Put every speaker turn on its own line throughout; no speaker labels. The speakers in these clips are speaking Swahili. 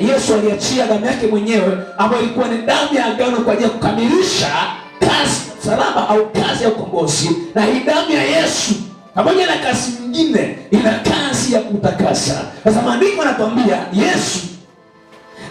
Yesu aliachia damu yake mwenyewe ambayo ilikuwa ni damu ya agano kwa ajili ya kukamilisha kazi salama au kazi ya ukombozi. Na hii damu ya Yesu pamoja na kazi nyingine, ina kazi ya kutakasa. Sasa maandiko yanatuambia Yesu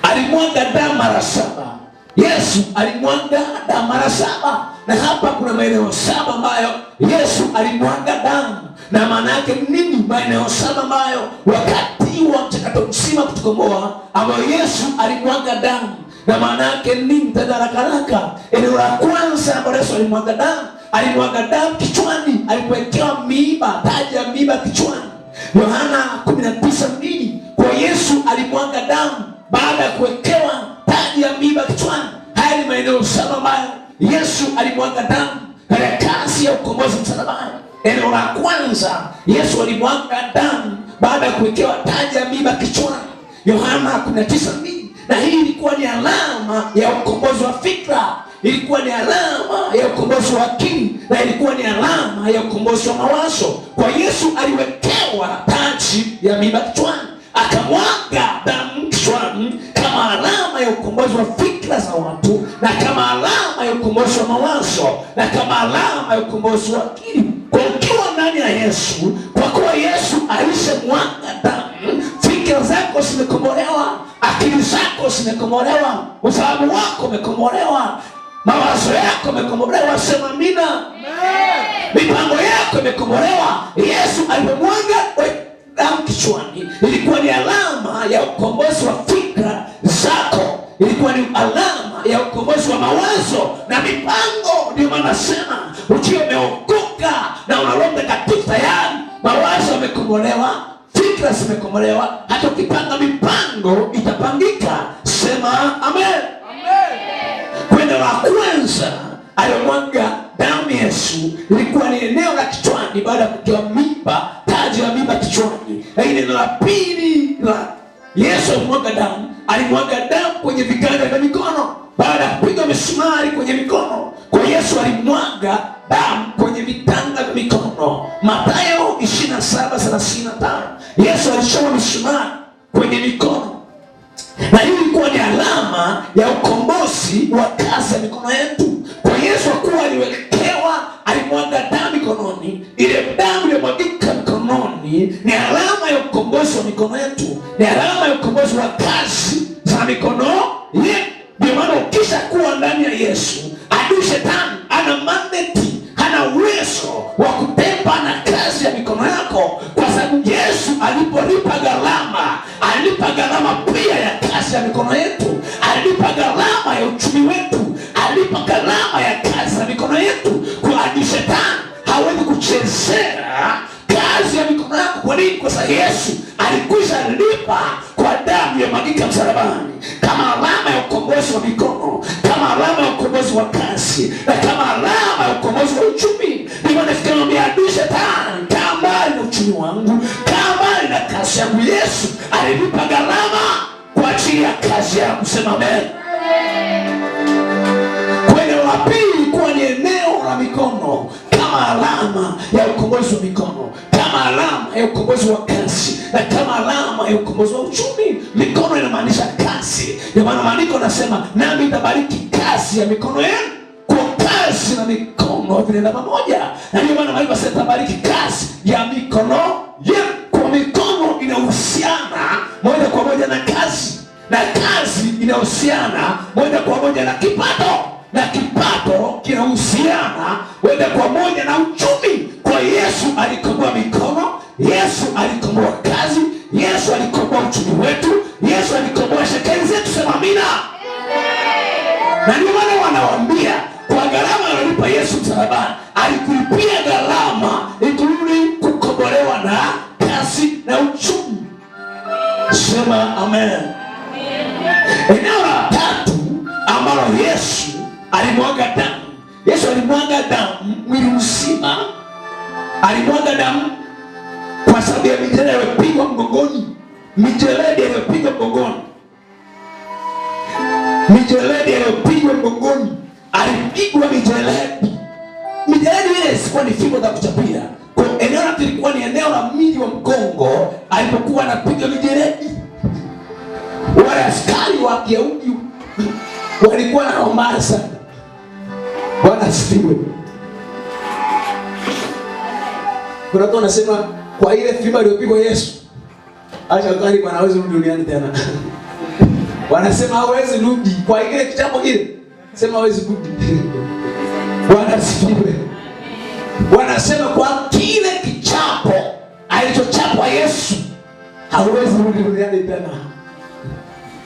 alimwaga damu mara saba. Yesu alimwaga damu mara saba, na hapa kuna maeneo saba ambayo Yesu alimwaga damu na maana yake nini? Maeneo saba ambayo wakati wa mchakato mzima kutukomboa, ambayo Yesu alimwaga damu. Na maana yake nini? Tadarakaraka, eneo la kwanza ambayo Yesu alimwaga damu, alimwaga damu kichwani, alipowekewa miiba, taji ya miiba kichwani, Yohana 19:2. Kwa Yesu alimwaga damu baada ya kuwekewa taji ya miiba kichwani. Haya ni maeneo saba ambayo Yesu alimwaga damu katika kazi ya ukombozi msalabani. Eneo la kwanza Yesu alimwaga damu baada ya kuwekewa taji ya miiba kichwani, Yohana 19:2. Na hii ilikuwa ni alama ya ukombozi wa fikra, ilikuwa ni alama ya ukombozi wa akili, na ilikuwa ni alama ya ukombozi wa mawazo. Kwa Yesu aliwekewa taji ya miiba kichwani, akamwaga damu kichwani kama alama ya ukombozi wa fikra za watu, na kama alama ya ukombozi wa mawazo, na kama alama ya ukombozi wa akili, kwa ukiwa ndani ya Yesu, kwa kuwa Yesu alishamwaga damu, fikra zako zimekombolewa, akili zako zimekombolewa, usalamu wako umekombolewa, mawazo yako yamekombolewa. Sema amina. Mipango yako imekombolewa. Yesu alipomwaga au kichwani, ilikuwa ni alama ya ukombozi wa fikra zako, ilikuwa ni alama ya ukombozi wa mawazo na mipango. Ndio maana nasema ukiwa umeokoka na una roho Mtakatifu tayari mawazo yamekombolewa, fikra zimekombolewa, hata ukipanga mipango itapangika. Sema amen,
amen.
Kwenda la kwanza aliyomwaga damu Yesu ilikuwa ni eneo la kichwani, baada ya kutoa mimba, taji la mimba kichwani. Lakini neno la pili la Yesu alimwaga damu, alimwaga damu kwenye viganja vya mikono, baada ya kupiga misumari kwenye mikono, kwa Yesu alimwaga damu. ya uchumi wetu, alipa gharama ya kazi za mikono yetu. Kwa ni shetani hawezi kuchezea kazi ya mikono yako. Kwa nini? Kwa sababu Yesu alikwisha lipa kwa damu ya magika msalabani, kama alama ya ukombozi wa mikono, kama alama ya ukombozi wa kazi, na kama alama ya ukombozi wa uchumi. Ndivyo adui shetani kaa mbali na uchumi wangu, kaa mbali na kazi yangu. Yesu alilipa gharama kwa ajili ya kazi yangu. Sema amen kwenye la pili kuwa ni eneo la mikono kama alama ya ukombozi wa mikono, kama alama ya ukombozi wa kasi na kama alama ya ukombozi wa uchumi. Mikono inamaanisha kasi, ndio maana maandiko nasema nami itabariki kasi ya mikono yenu, kwa kasi na mikono vinaenda pamoja. alimwaga damu. Yesu alimwaga damu mwili mzima, alimwaga damu kwa sababu ya mijeledi aliyopigwa mgongoni, mijeledi aliyopigwa mgongoni, mijeledi aliyopigwa mgongoni, alipigwa mijeledi. Mijeledi ile sikuwa ni fimbo za kuchapia kwa eneo lake, lilikuwa ni eneo la mili wa mgongo alipokuwa anapiga mijeledi. Wale askari wa Wayahudi walikuwa na hamasa Bwana asifiwe. Kuna watu wanasema kwa ile fimbo aliyopigwa Yesu, acha kali bwana hawezi rudi duniani tena. Wanasema hawezi rudi kwa ile kitabu ile. Sema hawezi rudi. Bwana asifiwe. Wanasema kwa kile kichapo alichochapwa Yesu hawezi rudi duniani tena.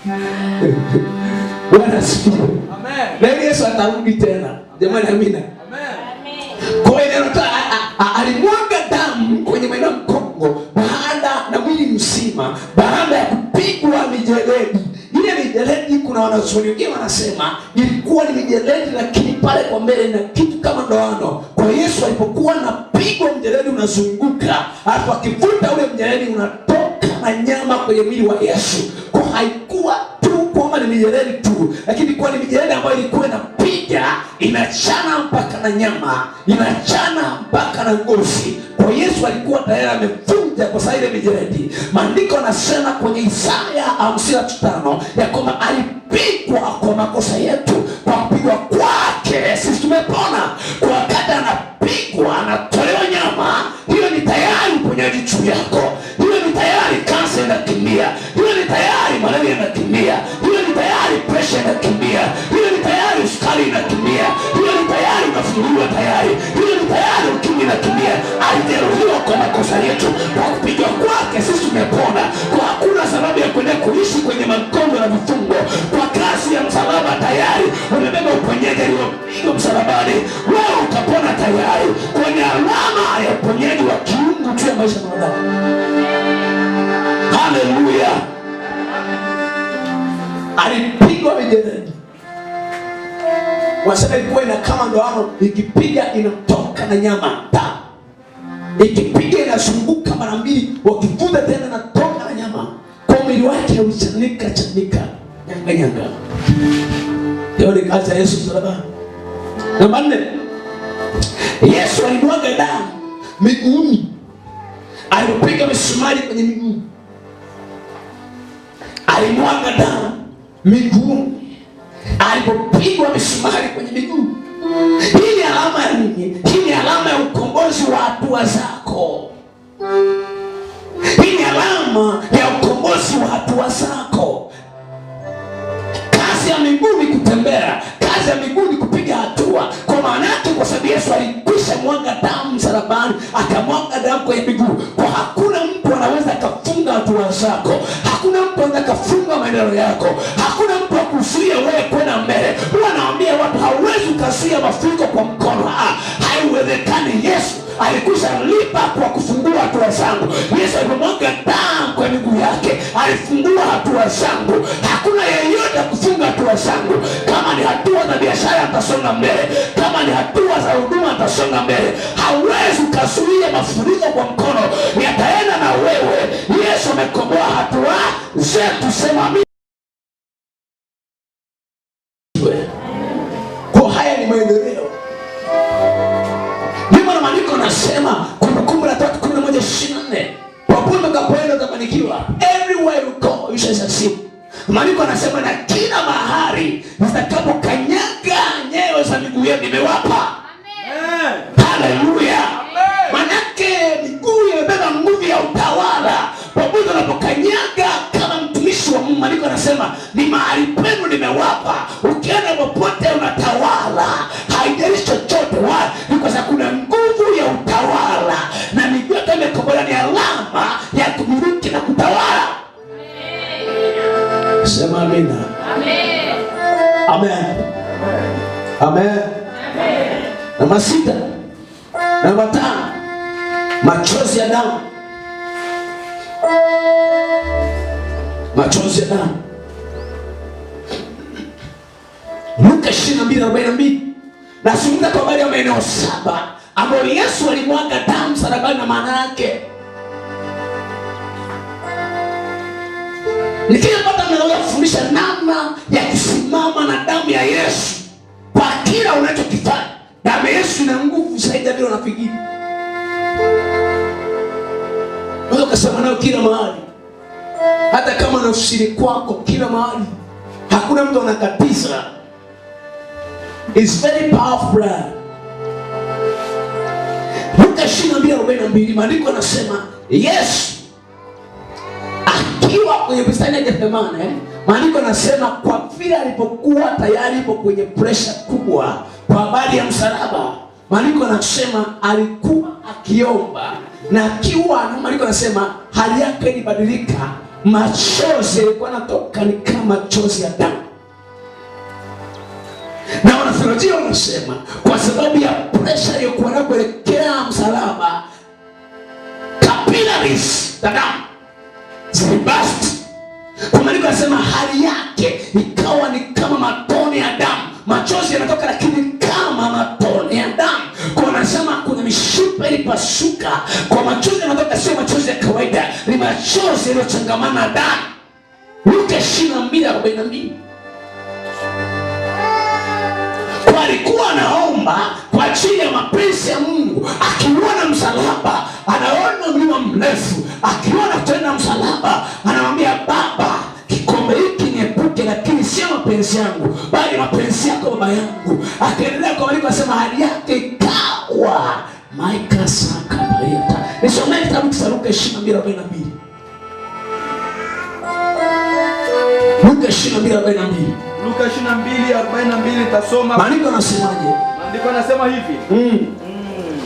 Bwana asifiwe.
Amen.
Na Yesu atarudi tena. Jamani, amina. Kwa hiyo alimwaga damu kwenye maeneo Mkongo baada na mwili mzima, baada ya kupigwa mijeledi. Ile mijeledi, kuna wanazuoni wengine wanasema ilikuwa ni mijeledi, lakini pale kwa mbele na kitu kama ndoano. Kwa Yesu alipokuwa anapigwa, mjeledi unazunguka, alafu akivuta ule mjeledi unatoka na nyama kwenye mwili wa Yesu. Kwa haikuwa tu kwamba ni mijeledi tu, lakini kuwa ni mijeledi ambayo ilikuwa inapiga inachana mpaka na nyama inachana mpaka na ngozi. Kwa Yesu alikuwa tayari amevunja kwa saa ile mijeledi. Maandiko anasema kwenye Isaya hamsini na tano ya kwamba alipigwa kwa makosa yetu, kwa kupigwa kwake sisi tumepona. Kwa wakati anapigwa anatolewa nyama, hiyo ni tayari uponyaji juu yako, hiyo ni tayari kansa inakimbia tayari malaria inakimbia, hiyo ni tayari presha inakimbia, hiyo ni tayari sukari inakimbia, hiyo ni tayari unafunguliwa tayari, hiyo ni tayari ukimwi inakimbia. Alijeruhiwa kwa makosa yetu, kwa kupigwa kwake sisi tumepona, kwa hakuna sababu ya kuendelea kuishi kwenye magongo na vifungo. Kwa kasi ya msalaba tayari umebeba uponyaji aliyopigwa msalabani, wewe utapona tayari, kwenye alama ya uponyaji wa kiungu juu ya maisha ya mwanadamu. Haleluya! alipigwa mijeledi, wasema ilikuwa ina kama ndoano, ikipiga inatoka na nyama ta, ikipiga inazunguka mara mbili, wakivuta tena natoka na nyama kwa mwili wake, uchanika chanika nyanga nyanga. Leo ni kazi ya Yesu msalabani. Namba nne, Yesu alimwaga damu miguuni, alipiga misumari kwenye miguu, alimwaga damu miguu, alipopigwa misumari kwenye miguu. Hii ni alama ya nini? Hii ni alama ya ukombozi wa hatua zako. Hii ni alama ya ukombozi wa hatua zako. Kazi ya miguu ni kutembea, kazi ya miguu ni kupiga hatua. Kwa maana yake, kwa sababu Yesu alikwisha mwanga damu msalabani, akamwaga damu kwenye miguu, kwa hakuna mtu anaweza akafunga hatua zako atafunga maneno yako. Hakuna kuzuia wewe kwenda mbele. Huwa naambia watu hauwezi ukazuia mafuriko kwa mkono, ah, haiwezekani. Yesu alikwisha lipa kwa kufungua hatua zangu. Yesu alipomwaga damu kwa miguu yake, alifungua hatua zangu. Hakuna yeyote kufunga hatua zangu. Kama ni hatua za biashara, atasonga mbele. Kama ni hatua za huduma, atasonga mbele. Hauwezi ukazuia mafuriko kwa mkono, yataenda na wewe. Yesu amekomboa hatua zetu, sema amina. Maandiko anasema na kila mahali kanyaga nyayo za miguu yenu nimewapa. Haleluya! Manake miguu imebeba nguvu ya utawala. Popote unapokanyaga kama mtumishi wa Mungu, maandiko anasema ni mahali penu nimewapa. Ukienda popote unatawala, haijalishi chochote, wala ni kwa sababu kuna Namba sita, namba tano, machozi ya damu, machozi ya damu. Luka 22:42 nasungumza kwa habari ya maeneo saba ambayo Yesu alimwaga damu sarabani, na maana yake nikiapata mnaweza kufundisha namna ya kusimama na damu ya Yesu kwa kila unachokifanya. Damu Yesu ina nguvu zaidi vile unafikiri. Wewe ukasema nayo kila mahali, hata kama na nafsini kwako kila mahali, hakuna mtu anakatiza. It's very powerful. Luka 22:42 maandiko anasema Yesu akiwa kwenye bustani ya Gethsemane, eh, maandiko anasema kwa vile alipokuwa tayari ipo kwenye pressure kubwa kwa habari ya msalaba, maandiko anasema alikuwa akiomba na kiwa maandiko anasema hali yake ilibadilika, machozi yalikuwa yanatoka ni kama machozi ya damu. Na wanatheolojia wanasema kwa sababu ya presha iliyokuwa nayo kuelekea msalaba, capillaries za damu zilibast. Kwa maandiko anasema hali yake ikawa ni kama matone ya damu, machozi yanatoka lakini kama matone ya damu, kwa nasema kuna mishipa ilipasuka, kwa machozi yanatoka, sio machozi ya kawaida, ni machozi yaliyochangamana na damu. Luka ishirini na mbili arobaini na mbili alikuwa anaomba kwa ajili ya mapenzi ya Mungu, akiona msalaba, anaona mlima mrefu, akiona tena msalaba, anamwambia Baba, kikombe mwanamke, lakini sio mapenzi yangu, bali mapenzi yako baba yangu. Akaendelea kwa maandiko asema, hali yake ikawa Maika saka sakabaleta. Nisomee kitabu cha Luka 22:42. Luka 22:42.
Luka 22:42 tasoma.
Maandiko yanasemaje?
Maandiko yanasema hivi. Mm. Mm.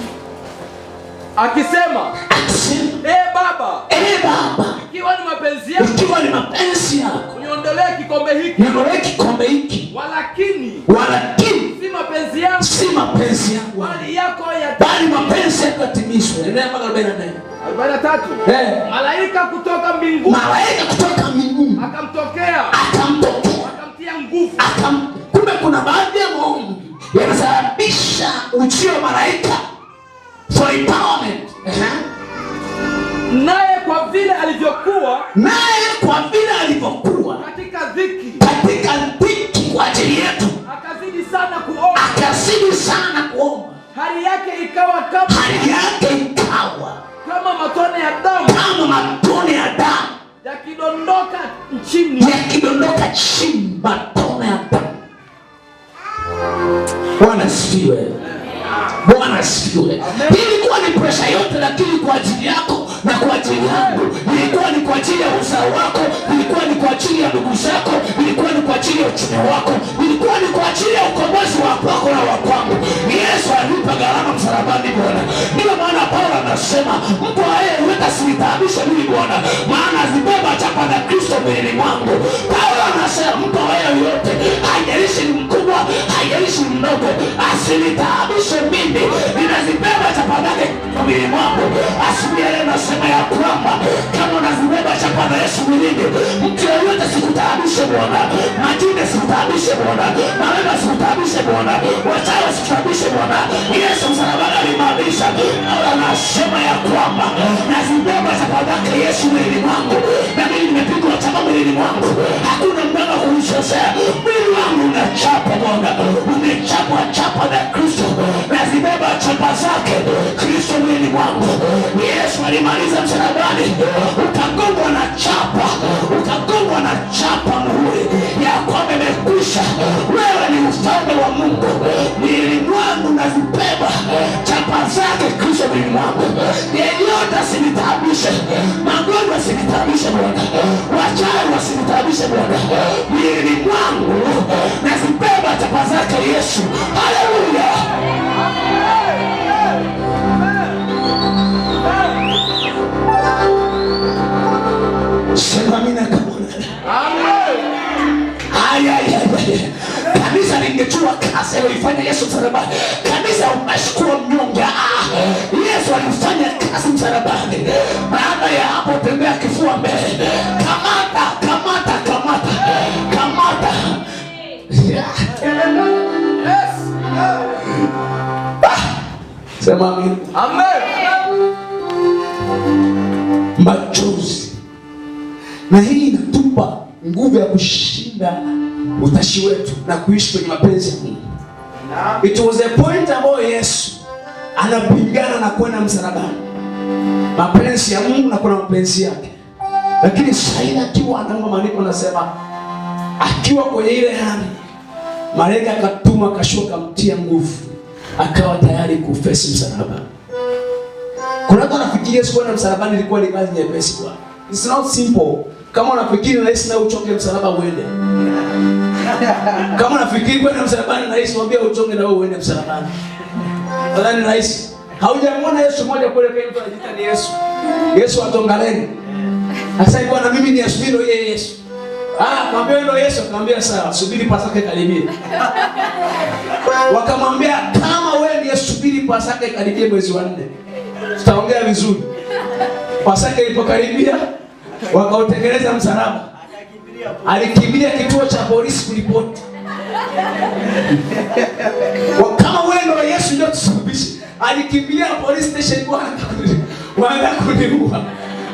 Akisema,
akisema,
"Eh Baba,
eh Baba,
ikiwa ni mapenzi yako,
ikiwa ni mapenzi yako
niondolee kikombe hiki,
niondolee kikombe hiki,
walakini
walakini
si mapenzi yangu,
si mapenzi yangu, bali yako bali mapenzi yako yatimizwe. Endelea mpaka arobaini na nne.
Arobaini na tatu. Eh, malaika kutoka mbinguni,
malaika kutoka mbinguni
akamtokea,
akamtokea,
akamtia nguvu,
akam. Kumbe kuna baadhi ya maombi yanasababisha ujio wa malaika for empowerment. Eh.
Naye kwa vile alivyokuwa,
naye kwa vile
hali yake ikawa kama
hali yake ikawa
kama matone ya damu,
kama matone ya damu
yakidondoka chini,
yakidondoka chini, matone ya damu. Bwana sifiwe, Bwana sifiwe. Ilikuwa ni presha yote, lakini kwa ajili yako na kwa ajili yangu, ilikuwa ni kwa ajili ya uzao wako, ilikuwa ni kwa ajili ya ndugu zako, ilikuwa ni kwa ajili ya uchumi wako, ilikuwa ni kwa ajili ya ukombozi wa kwako na wa kwangu. Yesu alipa gharama msalabani Bwana. Ndio maana Paulo anasema mtu aye hata atasinitabisha mimi Bwana, maana zibeba chapa za Kristo mwilini mwangu. Paulo anasema wewe yote, haijalishi ni mkubwa, haijalishi ni mdogo, asinitaabishe mimi, ninazibeba chapa zake mwilini mwangu. Asubuhi leo nasema ya kwamba kama unazibeba chapa za Yesu mwilini, mtu yoyote sikutaabishe Bwana, majini sikutaabishe Bwana, mawema sikutaabishe Bwana, wachawi sikutaabishe Bwana. Yesu msalabani alimaanisha, Paulo anasema ya kwamba kubeba sadaka yake Yesu mwilini mwangu, na mimi nimepigwa tabaka mwilini mwangu. Hakuna mganga kunisosea mwili wangu, unachapa Bwana, umechapwa chapa na Kristo, nazibeba chapa zake Kristo mwilini mwangu. Yesu alimaliza msalabani, utagongwa na chapa, utagongwa na chapa muhuri ya kwamba imekwisha. Wewe ni ufalme wa Mungu, mwilini mwangu nazibeba chapa zake usisababishe mwili wangu, yeyote asinitaabishe, magonjwa asinitaabishe Bwana, wachawi wasinitaabishe Bwana, mwili wangu nazibeba chapa zake Yesu. Haleluya! sema amina. Kamona haya Kanisa lingejua kazi aliyoifanya Yesu msalabani, kanisa unashukuru mnyonge. Yesu alifanya kazi msalabani. Baada ya hapo, tembea kifua mbele, kamata, kamata, kamata, kamata. Ah, sema amen. Machozi na hii inatupa nguvu ya kushinda utashi wetu na kuishi kwenye mapenzi ya Mungu. It was a point ambayo Yesu anapigana na kwenda msalabani, mapenzi ya Mungu na kuna mapenzi yake, lakini Saila akiwa anaomba, maandiko anasema akiwa kwenye ile hali, malaika akatuma, akashuka, mtia nguvu, akawa tayari kufesi msalabani. Kuna watu wanafikiria Yesu kwenda msalabani ilikuwa ni kazi nyepesi. It's not simple. Kama unafikiri unahisi na uchonge msalaba uende. Kama unafikiri kwenda msalabani na Yesu mwambie uchonge na wewe uende msalabani. Nadhani rahisi. Haujamwona Yesu moja kule kwa mtu anajiita ni Yesu. Yesu atongaleni. Sasa iko na mimi ni Yesu ndio yeye Yesu. Ah, mwambie ndio Yesu, akamwambia sawa, subiri Pasaka karibie. Wakamwambia kama wewe ndiye subiri Pasaka karibie mwezi wa 4. Tutaongea vizuri. Pasaka ilipokaribia wakautengeneza msalaba, alikimbilia kituo cha polisi kulipoti. Kama wewe ndio Yesu ndio tusubishi. alikimbilia police station wanda kuniua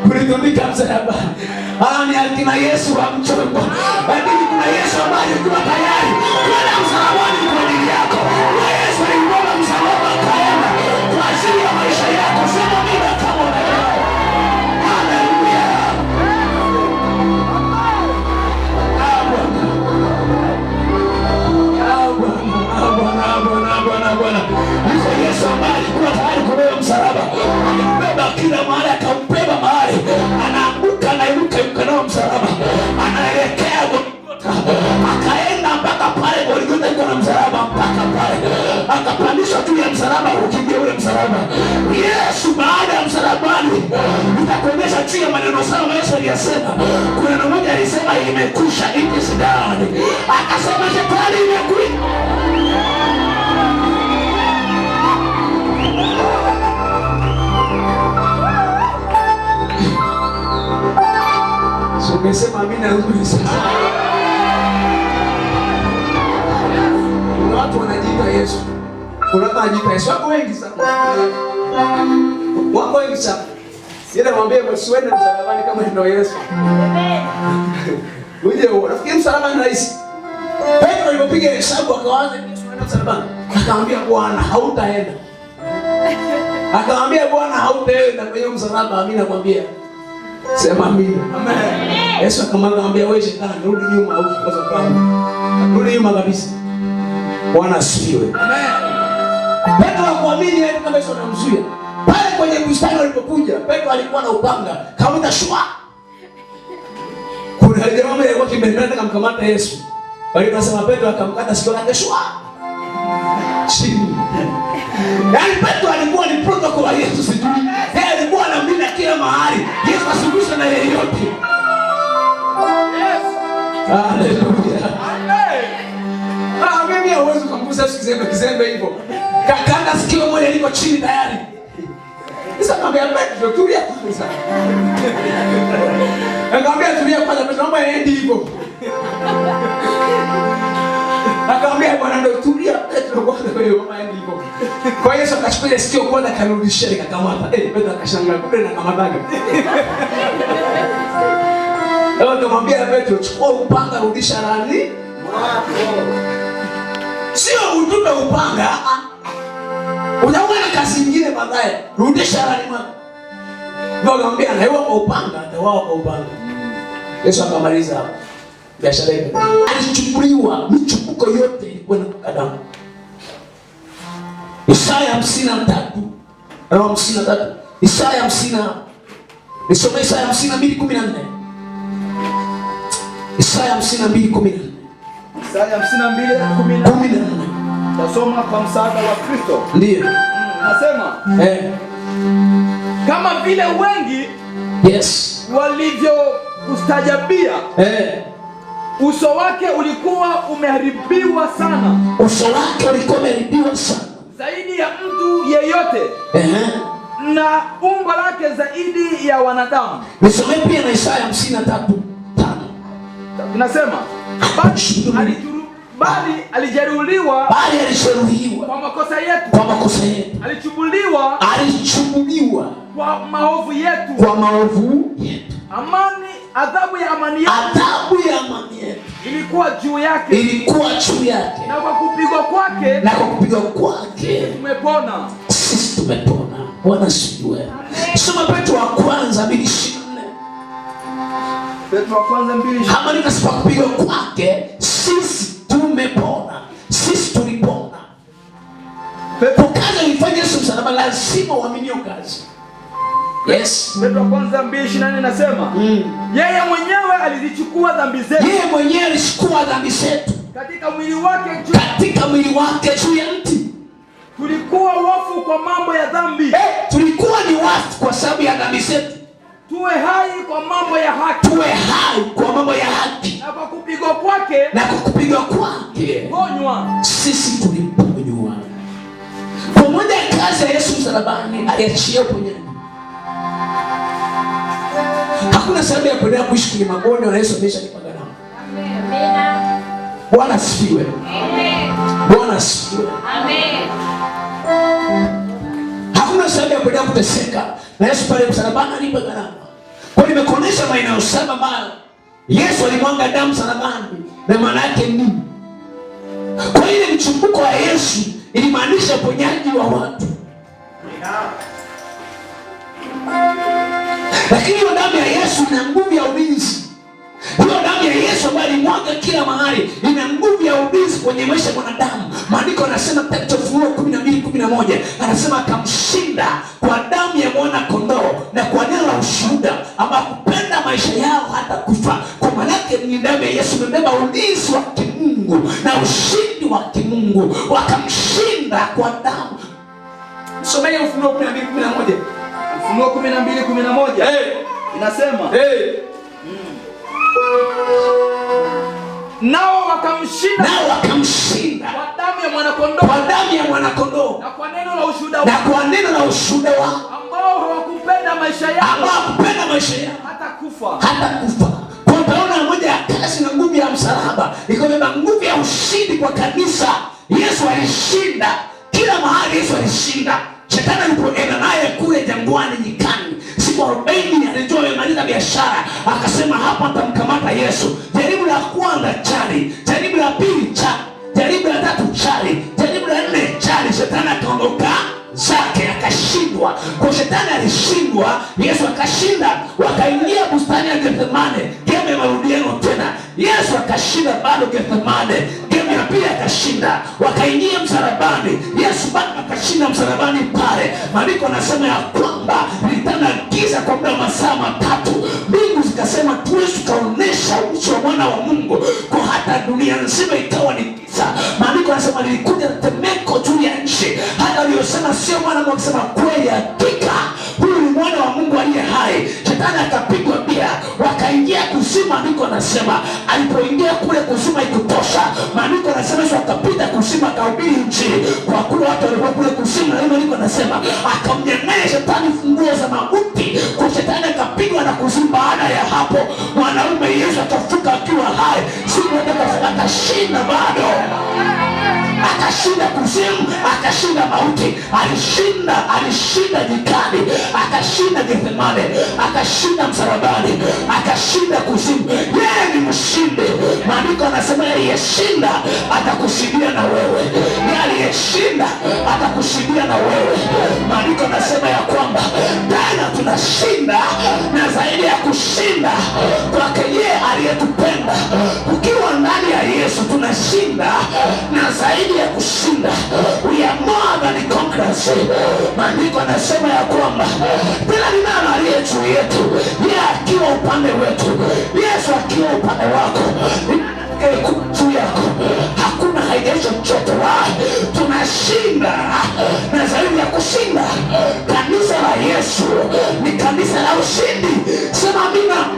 kunitundika msalabani. Ni akina Yesu wa mchongo, lakini kuna Yesu ambaye yuko tayari msalaba, anaelekea Golgotha, akaenda mpaka pale Golgotha, iko na msalaba mpaka pale, akapandishwa juu ya msalaba, ukimbia ule msalaba. Yesu baada ya msalabani, nitakuonyesha juu ya maneno sana. Yesu aliyasema, kuna neno moja alisema, imekwisha, it is done. Akasema shetani imekwisha Ungesema amina nzuri sana. Kuna watu wanajiita Yesu. Kuna watu wanajiita Yesu. Wako wengi sana. Wako wengi sana. Yeye anamwambia msiende msalabani kama ndio Yesu. Uje unafikiri msalaba ni rahisi. Petro alipopiga hesabu akawaza Yesu msalabani. Akamwambia Bwana hautaenda. Akamwambia Bwana hautaenda kwenye msalaba, amina nakwambia. Sema amina.
Amen.
Yesu akamwambia wewe shetani, rudi nyuma kwa sababu. Rudi nyuma kabisa. Bwana asifiwe.
Amen.
Petro hakuamini yeye kama Yesu anamzuia. Pale kwenye bustani walipokuja, Petro alikuwa na upanga, kamuta shwa. Kuna jamaa alikuwa kimbendelea akamkamata Yesu. Bali nasema Petro akamkata sikio lake shwa. Chini. Yaani Petro alikuwa ni protocol ya Yesu sijui. gira mahali Yesu asugusha na yeyote.
Haleluya.
Mimi hauwezi kumgusa kizembe kizembe hivyo. Kakanda sikio moja liko chini tayari. Sasa Eu mbona tulia kwanza. Naambia tulia kwanza, tunaomba endi hivyo. Tulia Petro kwanza kwa hiyo mama yangu iko. Kwa hiyo akachukua ile sikio kwanza kanurudishia nikakamata. Eh, Petro akashangaa kule na kama kamataga. Leo nikamwambia Petro chukua upanga rudisha nani? Mwako. Sio utupe upanga. Unaona na kazi nyingine baadaye. Rudisha nani mwako. Ndio nikamwambia na hiyo upanga atawao kwa upanga. Yesu akamaliza biashara ile. Alichukuliwa michukuko yote bwana Adamu. Isaya hamsini na tatu au hamsini na tatu Isaya hamsini nisome Isaya hamsini na mbili kumi na nne Isaya hamsini na mbili kumi na nne
Isaya hamsini na mbili
kumi na nne
Tasoma kwa msaada wa Kristo.
Ndiyo. Mm, nasema
eh, kama vile wengi
yes,
walivyokustajabia eh Uso wake ulikuwa umeharibiwa sana,
uso wake ulikuwa umeharibiwa sana
zaidi ya mtu yeyote Ehe. na umbo lake zaidi ya wanadamu.
Nisome pia na Isaya 53:5 tunasema tatu
bali alijeruhiwa,
bali alijeruhiwa
kwa makosa yetu,
kwa makosa yetu
alichubuliwa,
alichubuliwa
kwa maovu yetu,
kwa maovu yetu.
Amani Adhabu ya amani
yetu, adhabu ya amani yetu
ilikuwa juu yake,
ilikuwa juu yake,
na kwa kupigwa kwake,
na kwa kupigwa kwake
tumepona,
sisi tumepona. Bwana siwe. Soma Petro wa kwanza 2:24,
Petro wa kwanza 2:24,
habari kwa kupigwa kwake sisi tumepona, sisi tulipona. Petro kaza ifanye Yesu msalaba, lazima uamini kazi Yes.
Petro kwanza 2:24 nasema mm. Yeye mwenyewe alizichukua dhambi zetu.
Yeye mwenyewe alichukua dhambi zetu
katika mwili wake
juu katika mwili wake juu ya mti.
Tulikuwa wafu kwa mambo ya dhambi.
Eh, tulikuwa ni wafu kwa sababu ya dhambi zetu.
Tuwe hai kwa mambo ya haki.
Tuwe hai kwa mambo ya haki.
Na kwa kupigwa kwake
na kwa kupigwa kwake. Ponywa. Sisi tuliponywa. Pamoja na kazi ya Yesu msalabani aliachia uponyaji. hakuna sababu ya kuendelea kuishi kwenye magoni na Yesu ameshanipaga nao.
Amen.
Bwana asifiwe. Amen. Bwana asifiwe. Amen. Hakuna sababu ya kuendelea kuteseka na Yesu pale msalabani alipa gharama. Kwa nimekuonesha maeneo saba ambayo Yesu alimwaga damu msalabani na maana yake nini? Kwa ile mchumbuko wa Yesu ilimaanisha uponyaji wa watu. Amen. Lakini hiyo damu ya Yesu ina nguvu ya ulinzi. Hiyo damu ya Yesu ambayo alimwaga kila mahali ina nguvu ya ulinzi kwenye maisha ya mwanadamu. Maandiko anasema katika Ufunuo kumi na mbili kumi na moja anasema akamshinda kwa damu ya mwana kondoo na kwa neno la ushuhuda, ambao kupenda maisha yao hata kufa. Kwa yake ni damu ya Yesu imebeba ulinzi wa kimungu na ushindi wa kimungu, wakamshinda kwa damu Someni Ufunuo 12:11.
Ufunuo 12:11. Eh. Inasema, Eh. Nao wakamshinda.
Nao wakamshinda.
Kwa damu ya mwana kondoo.
Kwa damu ya mwana kondoo.
Na kwa neno la ushuhuda wao.
Na kwa neno la ushuhuda wao.
Ambao hawakupenda maisha yao.
Ambao hawakupenda maisha yao.
Hata kufa.
Hata kufa. Kwa utaona moja ya kazi na nguvu ya msalaba. Ikabeba nguvu ya ushindi kwa kanisa. Yesu alishinda. Kila mahali Yesu alishinda. Shetani alipoenda naye kule jangwani nyikani, siku arobaini alijua amemaliza biashara, akasema hapa atamkamata Yesu. Jaribu la kwanza chali, jaribu la pili chali, jaribu la tatu chali, jaribu la nne chali, shetani akaondoka zake akashindwa. Kwa shetani alishindwa, Yesu akashinda. Wakaingia bustani ya gethemane gemu ya marudiano tena. Yesu akashinda bado gethemane gemu ya pili akashinda. Wakaingia msarabani Yesu bado akashinda msarabani pale. Maandiko anasema ya kwamba litana giza kwa muda wa masaa matatu, mbingu zikasema tuwezi tukaonyesha uchi wa mwana wa Mungu, kwa hata dunia nzima ikawa ni giza. Maandiko anasema lilikuja aliyosema sio mwana Mungu, akisema kweli, hakika huyu ni mwana wa Mungu aliye hai. Shetani akapigwa pia, wakaingia kuzimu. Maandiko anasema alipoingia kule kuzimu ikutosha, maandiko anasema Yesu akapita kuzimu, akahubiri Injili kwa kule watu walikuwa kule kuzimu, na maandiko anasema akamnyang'anya shetani funguo za mauti, kwa shetani akapigwa na kuzimu. Baada ya hapo mwanaume Yesu akafuka akiwa hai, siku atakasema atashinda bado akashinda kuzimu, akashinda mauti, alishinda alishinda jikani, akashinda Gethsemane, akashinda msalabani, akashinda kuzimu. Yeye ni mshindi. Maandiko anasema aliyeshinda atakushindia na wewe, ni aliyeshinda atakushindia na wewe. Maandiko anasema ya kwamba tena tunashinda na zaidi ya kushinda kwake yeye aliyetupenda ya Yesu tunashinda na zaidi ya kushinda, we are more than conquerors. Maandiko anasema ya kwamba tena ni nani aliye juu yetu? Yeye akiwa upande wetu, Yesu akiwa upande wako, juu yako hakuna haijaisha chochote. Tunashinda na zaidi ya kushinda. Kanisa la Yesu ni kanisa la ushindi. Sema amina.